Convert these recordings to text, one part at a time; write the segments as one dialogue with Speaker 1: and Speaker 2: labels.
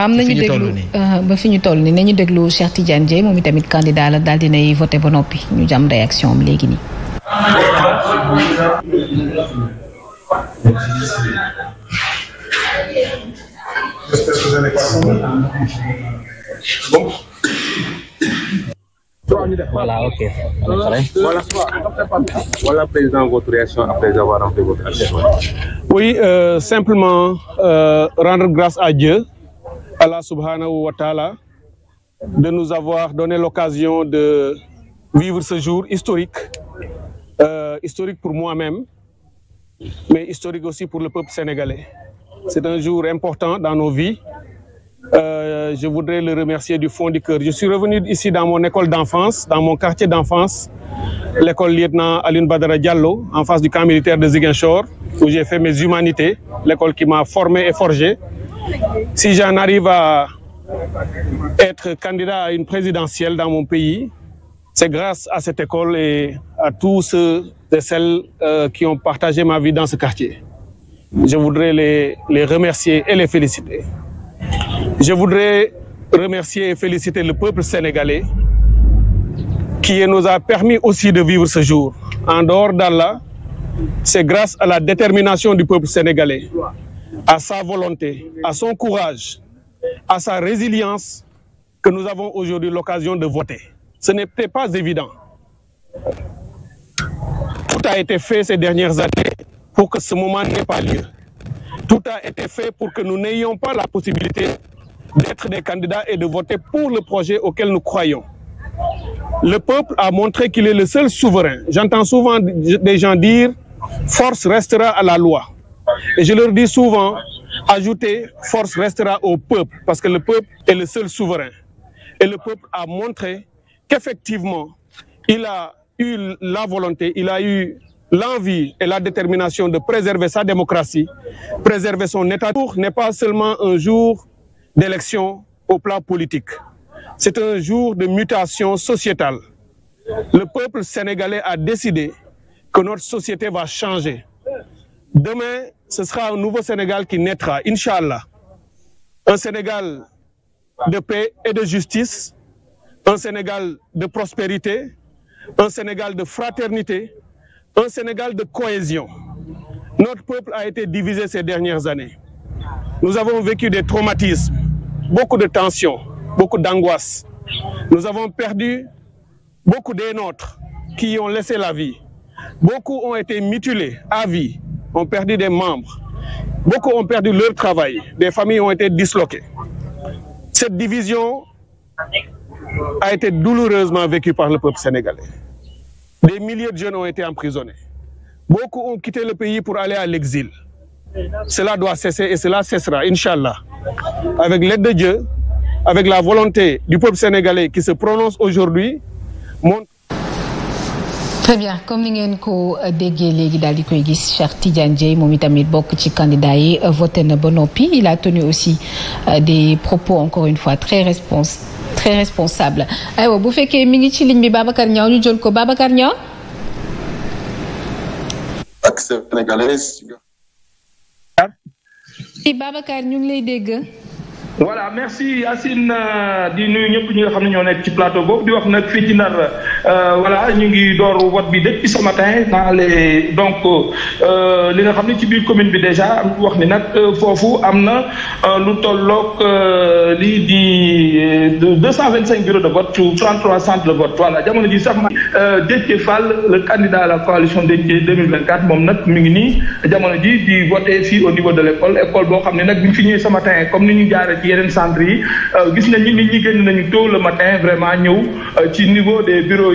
Speaker 1: am nañu déglu uh-huh, ba fi ñu toll nii nañu déglu Cheikh Tidiane Dièye moom itamit candidat la daal dinay voté ba noppi ñu jàmm réaction am léegi nii.
Speaker 2: ok.
Speaker 3: voilà président votre réaction après avoir rempli votre
Speaker 4: action.
Speaker 2: oui euh, simplement euh, rendre grâce à Dieu. Allah subhanahu wa de nous avoir donné l'occasion de vivre ce jour euh, historique, pour moi-même, mais historique aussi pour le peuple sénégalais. C'est un jour important dans nos vies. Euh, je voudrais le remercier du fond du cœur. Je suis revenu ici dans mon école d'enfance, dans mon quartier d'enfance, l'école lieutenant Aline Badara Diallo, en face du camp militaire de Ziguinchor, où j'ai fait mes humanités, l'école qui m'a formé et forgé. si j'en arrive à être candidat à une présidentielle dans mon pays, c'est grâce à cette école et à tous ceux et celles euh, qui ont partagé ma vie dans ce quartier. Je voudrais les, les remercier et les féliciter. Je voudrais remercier et féliciter le peuple sénégalais qui nous a permis aussi de vivre ce jour. En dehors d'Allah, c'est grâce à la détermination du peuple sénégalais à sa volonté, à son courage, à sa résilience que nous avons aujourd'hui l'occasion de voter. Ce n'était pas évident. Tout a été fait ces dernières années pour que ce moment n'ait pas lieu. Tout a été fait pour que nous n'ayons pas la possibilité d'être des candidats et de voter pour le projet auquel nous croyons. Le peuple a montré qu'il est le seul souverain. J'entends souvent des gens dire force restera à la loi. Et je leur dis souvent, ajouter force restera au peuple, parce que le peuple est le seul souverain. Et le peuple a montré qu'effectivement, il a eu la volonté, il a eu l'envie et la détermination de préserver sa démocratie, préserver son état. Ce n'est pas seulement un jour d'élection au plan politique. C'est un jour de mutation sociétale. Le peuple sénégalais a décidé que notre société va changer. Demain, ce sera un nouveau Sénégal qui naîtra, Inch'Allah. Un Sénégal de paix et de justice, un Sénégal de prospérité, un Sénégal de fraternité, un Sénégal de cohésion. Notre peuple a été divisé ces dernières années. Nous avons vécu des traumatismes, beaucoup de tensions, beaucoup d'angoisses. Nous avons perdu beaucoup des nôtres qui ont laissé la vie. Beaucoup ont été mutilés à vie. ont perdu des membres. Beaucoup ont perdu leur travail. Des familles ont été disloquées. Cette division a été douloureusement vécue par le peuple sénégalais. Des milliers de jeunes ont été emprisonnés. Beaucoup ont quitté le pays pour aller à l'exil. Cela doit cesser et cela cessera, Inch'Allah. Avec l'aide de Dieu, avec la volonté du peuple sénégalais qui se prononce aujourd'hui,
Speaker 1: très bien comme ni ngeen ko déggee léegi daal di koy gis Cheikh Tidiane Dieye moom itamit bokk ci candidat yi euh, voté na ba noppi il a tenu aussi euh, des propos encore une fois très responsable bu fekkee mi ngi ci ligne bi Babacar Niang ñu jël ko Babacar Niang ak sénégalais ci Babacar ñu ngi lay dégg.
Speaker 4: voilà
Speaker 3: merci Yacine euh, di nuyu ñëpp ñi nga xam ne Euh, voilà ñu ngi door vote bi depuis ce matin dans les donc euh, li nga xam ne ci biir commune bi déjà am wax ni nag euh, foofu am na lu tolloog lii di deux cent vingt cinq bureaux de vote ou trois centres de vote voilà jamono ji sax ma Déthié Fall le candidat à la coalition Déthié 2024 moom nag mi ngi nii jamono ji di voté fii au niveau de l'école école boo xam ne nag bi fi ñëwee ce matin comme ni ñu jaaree ci yeneen centres yi gis nañu nit ñi génn nañu tôt le matin vraiment ñëw ci niveau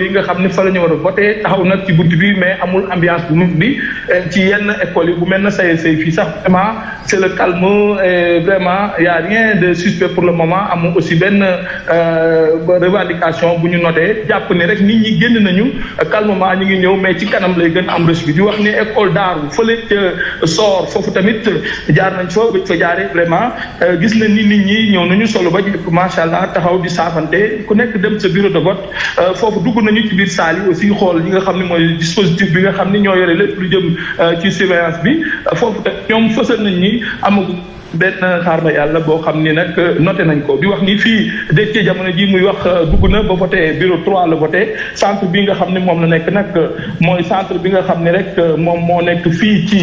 Speaker 3: locaux yi nga xam ni fa la ñu war a voté taxaw nag ci buntu bi mais amul ambiance bu nit bi eh, ci yenn école yi bu mel na say say fii sax vraiment c' est le calme eh, vraiment y' de suspect pour le moment amul aussi benn euh, revendication bu ñu noté jàpp ne rek nit ñi génn nañu calmement ñu ngi ñëw mais ci kanam lay gën am rëcc bi di wax ni école daaru fële ca soor foofu tamit jaar nañ fa ba fa jaaree vraiment euh, gis na ni nit ñi ñëw nañu solo ba jëpp macha taxaw di saafante ku nekk dem sa bureau de vote euh, foofu dugg ñu ci saali aussi yi xool ñi nga xam ne mooy dispositif bi nga xam ne ñoo yore lépp lu jëm euh, ci surveillance bi foofu ñoom fësal nañ ni amaguñ benn xaar ma yàlla boo xam ni nag euh, noté nañ ko di wax nii fii dëcc jamono ji muy wax euh, dugg na ba voté bureau 3 la voté centre bi nga xam ne moom la nekk nag euh, mooy centre bi nga xam ne rek moom moo nekk fii ci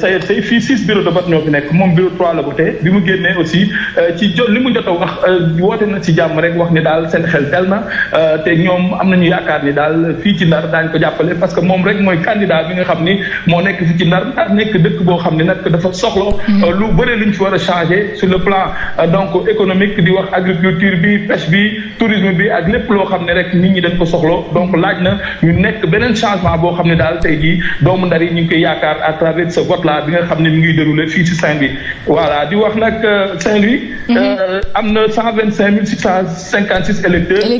Speaker 3: sayet fii six bureau de vote ñoo fi nekk moom bureau 3 la voté bi mu génnee aussi ci jot li mu jot a wax woote na si jàmm rek wax ni daal seen xel dal na te ñoom am nañu yaakaar ni daal fii ci ndar daañ ko jàppale parce que moom rek mooy candidat bi nga xam ni moo nekk fii ci ndar nekk dëkk boo xam ni nag dafa soxla hmm. lu bëri fi war a changer sur le plan euh, donc économique di wax agriculture bi pêche bi tourisme bi ak lépp loo xam ne rek nit ñi def ko soxlo donc laaj na ñu nekk beneen changement boo xam ne daal tey jii doomu ndar yi ñu ngi koy yaakaar à travers ce vote la bi nga xam ne mi ngi déroulé fii si Saint-Louis voilà di wax nag euh, Saint-Louis mhm. euh, am na cent vingt cinq mille six cent cinquante six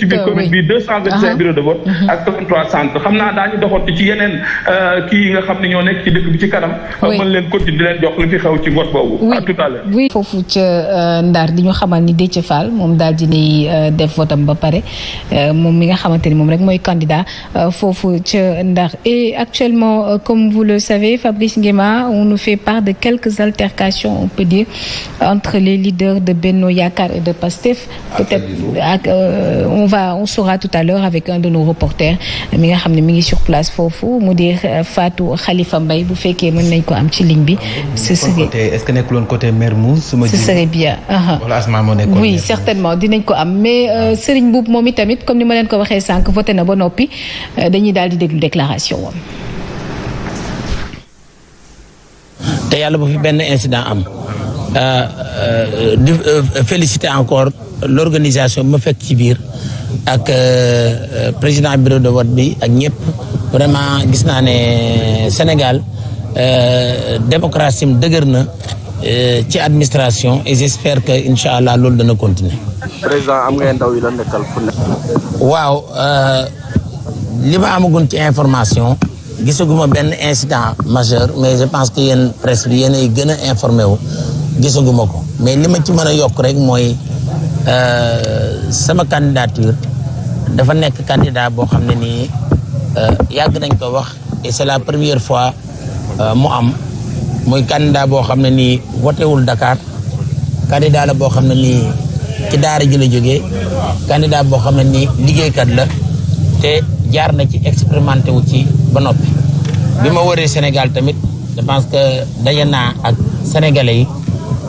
Speaker 3: ci biir commune bi deux cent vingt uh-huh. de vote uh-huh. ak trois centres xam naa daañu doxantu ci yeneen kii yi nga xam ne ñoo nekk ci dëkk bi ci kanam mën leen continuer di leen jox li fi xew ci
Speaker 1: jàlle oui foofu ca euh, Ndar di ñu xamal ni Déthié Fall moom daal di nay euh, def votam ba pare euh, moom mi nga xamante ni moom rek mooy candidat foofu ca Ndar et actuellement comme vous le savez Fabrice Nguema on nous fait part de quelques altercations on peut dire entre les leaders de Benno Yakar et de Pastef peut-être ak on va on saura tout à l'heure avec un de nos reporters mi nga xam ne mi ngi sur place foofu mu di Fatou Khalifa mbay bu fekkee mën nañ ko am ci ligne
Speaker 5: ah, Mermoz. sama ji ce serait
Speaker 1: bien. wala
Speaker 5: uh-huh.
Speaker 1: certainement dinañ ko am mais euh, ah. Serigne Mboup moom itamit comme ni ma leen ko waxee sànq voté na ba noppi euh, dañuy daal di déglu déclaration wam
Speaker 5: te yàlla bu fi benn incident am euh, féliciter encore l'organisation ma fekk ci biir ak président bureau de vote bi ak ñëpp vraiment gis naa ne Sénégal démocratie dëgër na Euh, ci administration et que incha allah loolu dana continuer.
Speaker 3: président am nga ndaw yi la nekkal fu ne.
Speaker 5: waaw euh, li ma amagun ci information gisaguma benn insidant majeur mais je pense que yéen presse bi yéen ay gën a informé wu gisaguma ko mais li ma ci mën a yokk rek mooy euh, sama candidature dafa nekk candidat boo xam ne nii yàgg nañ ko wax et c'est la première fois mu am. muy candidat boo xam ne nii wotewul Dakar candidat la boo xam ne nii ci daar ji la jógee candidat boo xam ne nii liggéeykat la te jaar na ci expérimenté wu ci ba noppi bi ma waree Sénégal tamit je pense que daje naa ak sénégalais yi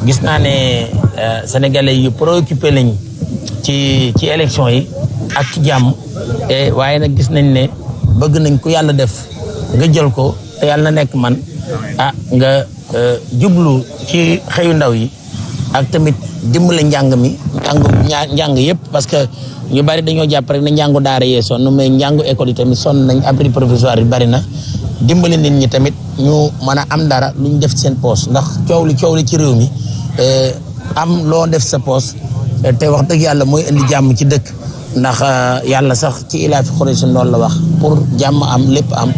Speaker 5: gis naa ne euh, sénégalais yu préoccupé lañ ci ci élection yi ak ci jàmm te waaye nag gis nañ ne bëgg nañ ku yàlla def nga jël ko te yàlla na nekk man ah nga euh, jublu ci xëyu ndaw yi ak tamit dimbale njàng mi njàng ñaar njàng yëpp parce que ñu bari dañoo jàpp rek ne njàngu daara yee sonn mais njàngu école yi tamit sonn nañ abri provisoire yi bari na dimbale nit ñi tamit ñu mën a am dara lu ñu def seen poos ndax coow li coow ci réew mi euh, am loo def sa poos euh, te wax dëgg yàlla mooy indi jàmm ci dëkk ndax yàlla sax ci ilaa fi xore si loolu la wax pour jàmm am lépp am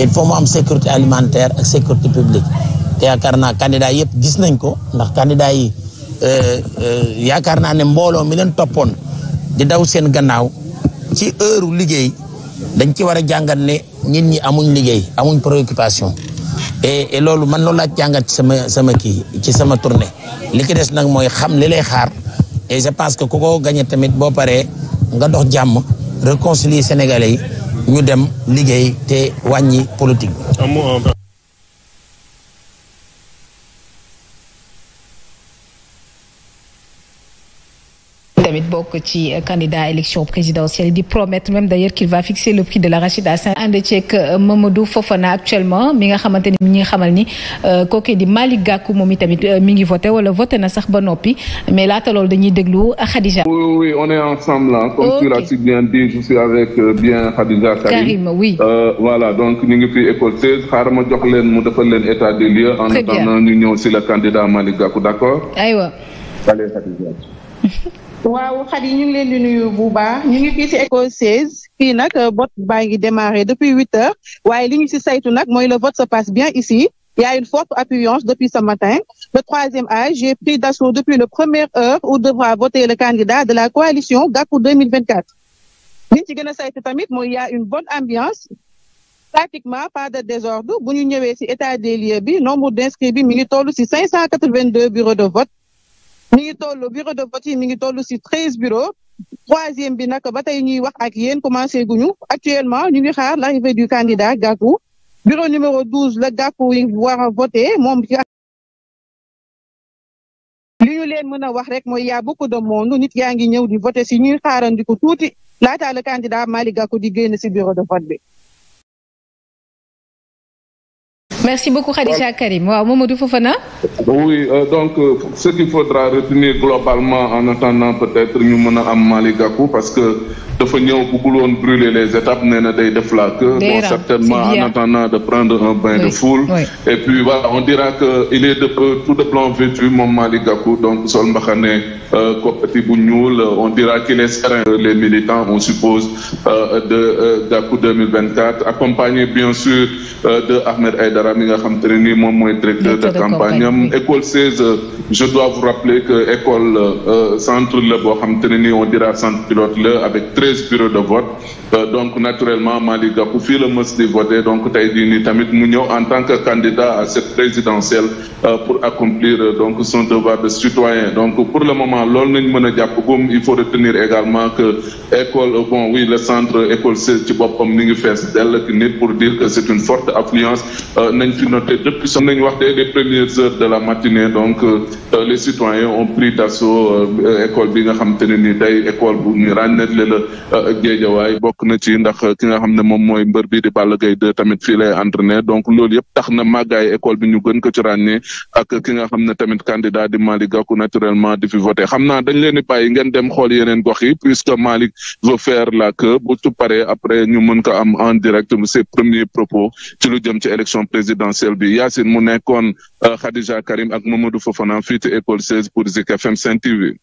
Speaker 5: il faut mu am sécurité alimentaire ak sécurité publique te yaakaar naa candidat yëpp gis nañ ko ndax candidat yi euh, euh, yaakaar naa ne mbooloo mi leen toppoon di daw seen gannaaw ci heure liggéey dañ ci war a jàngat ne nit ñi amuñ liggéey amuñ préoccupation e loolu man loolu laa jàngat ci sama sama kii ci sama tournée li ki des nag mooy xam li lay xaar e je pense que ku ko gagné tamit boo paree nga dox jàmm réconcilier sénégalais yi ñu dem liggéey te wàññi politique
Speaker 1: tamit bokk ci euh, candidat élection présidentielle di promettre même d'ailleurs qu'il va fixer le prix de l'arachide à Saint ànd ceeg euh, Mamadou Fofana actuellement mi nga xamante ni mi ngi xamal ni euh, kooku di Malick Gakou moom i tamit mi ngi voté wala voté na sax ba noppi mais laata loolu dañuy déglu Khadija.
Speaker 4: oui on est ensemble hein, comme tu l'as si bien dit je avec bien Khadija Karim oui. voilà donc ñu ngi fi école 16 xaaral ma jox leen mu defal leen état des lieux. si le candidat Malick Gakou d'accord. aywa. Allez, Khadija.
Speaker 1: waaw xat yi ñu ngi leen di nuyu bu baax ñu ngi fii ci ECHO 16 fii nag vote euh, baa ngi démarré depuis huit heures waaye li ñu ci saytu nag mooy le vote se passe bien ici il y a une forte affluence depuis ce matin le troisième âge est pris d'assaut depuis la première heure où devra voter le candidat de la coalition Gakou 2024 li ñu ci gën a tamit mooy il y a une bonne ambiance pratiquement pas de désordre bu ñu ñëwee ci état des lieux bi nombre d'inscrits bi mi ngi toll ci cinq cent quatre-vingt-deux bureaux mi ngi toll bureau de vote yi mi ngi toll si treize bureaux troisième bi nag ba tey ñuy wax ak yéen gu guñu actuellement ñu ngi xaar l'arrivée du candidat Gakou bureau numéro douze la Gakou yi war a voté moom li leen mën a wax rek mooy y'a beaucoup de monde nit yaa ngi ñëw di voté si ñuy xaarandiku tuuti laata le candidat Malick Gakou di génn si bureau de vote bi merci beaucoup Khadija Karim waaw Mamadou Fofana.
Speaker 4: oui euh, donc euh, ce qu'il faudra retenir globalement en attendant peut-être ñu mën a am Malick Gakou parce que dafa ñëw bëggul woon brûler les étapes nee na day def la queue. bon certainement en attendant de prendre un bain oui. de foule. Oui. et puis voilà on dira que il est de peu tout de blanc vêtu moom Malick Gakou donc sol mbaxane koppati euh, bu ñuul on dira qu'il est serein. les militants on suppose euh, de euh, Gakou 2024 accompagné bien sûr euh, de Ahmed Aïdara. Dia mi nga xam te ne nii moom mooy directeur de campagne am école 16 je dois vous rappeler que école euh, centre la boo xam te ne nii on dira centre pilote la avec treize bureaux de vote euh, donc naturellement Mali Gakou fii la mës di voter donc tey jii nii tamit mu ñëw en tant que candidat à cette présidentielle euh, pour accomplir donc son devoir de citoyen donc pour le moment loolu na mën a jàpp gum il faut retenir également que école bon oui le centre école 16 ci boppam mi ngi fees dell nit pour dire nañ fi noté depuis som de la matinée donc euh, euh, les citoyens ont pris d'assaut euh, école bi nga xam te ne ni day école bu ñu ràññetle la Géejawaay bokk na ci ndax ki nga xam ne moom mooy mbër bi di Balla Gaye 2 tamit fii lay entraîné donc loolu yëpp tax na màggaay école bi ñu gën ko ci ràññee ak ki nga xam ne tamit candidat di Malick Gakou naturellement di fi voté xam naa dañ leen di bàyyi ngeen dem xool yeneen gox yi puisque Malick veut faire la queue bu tu paree après ñu mën ko am en direct se premiers présidentielle bi Yacine mu nekkoon euh, Khadija Karim ak Mamadou Fofana fii ci école 16 pour Zik FM Sen TV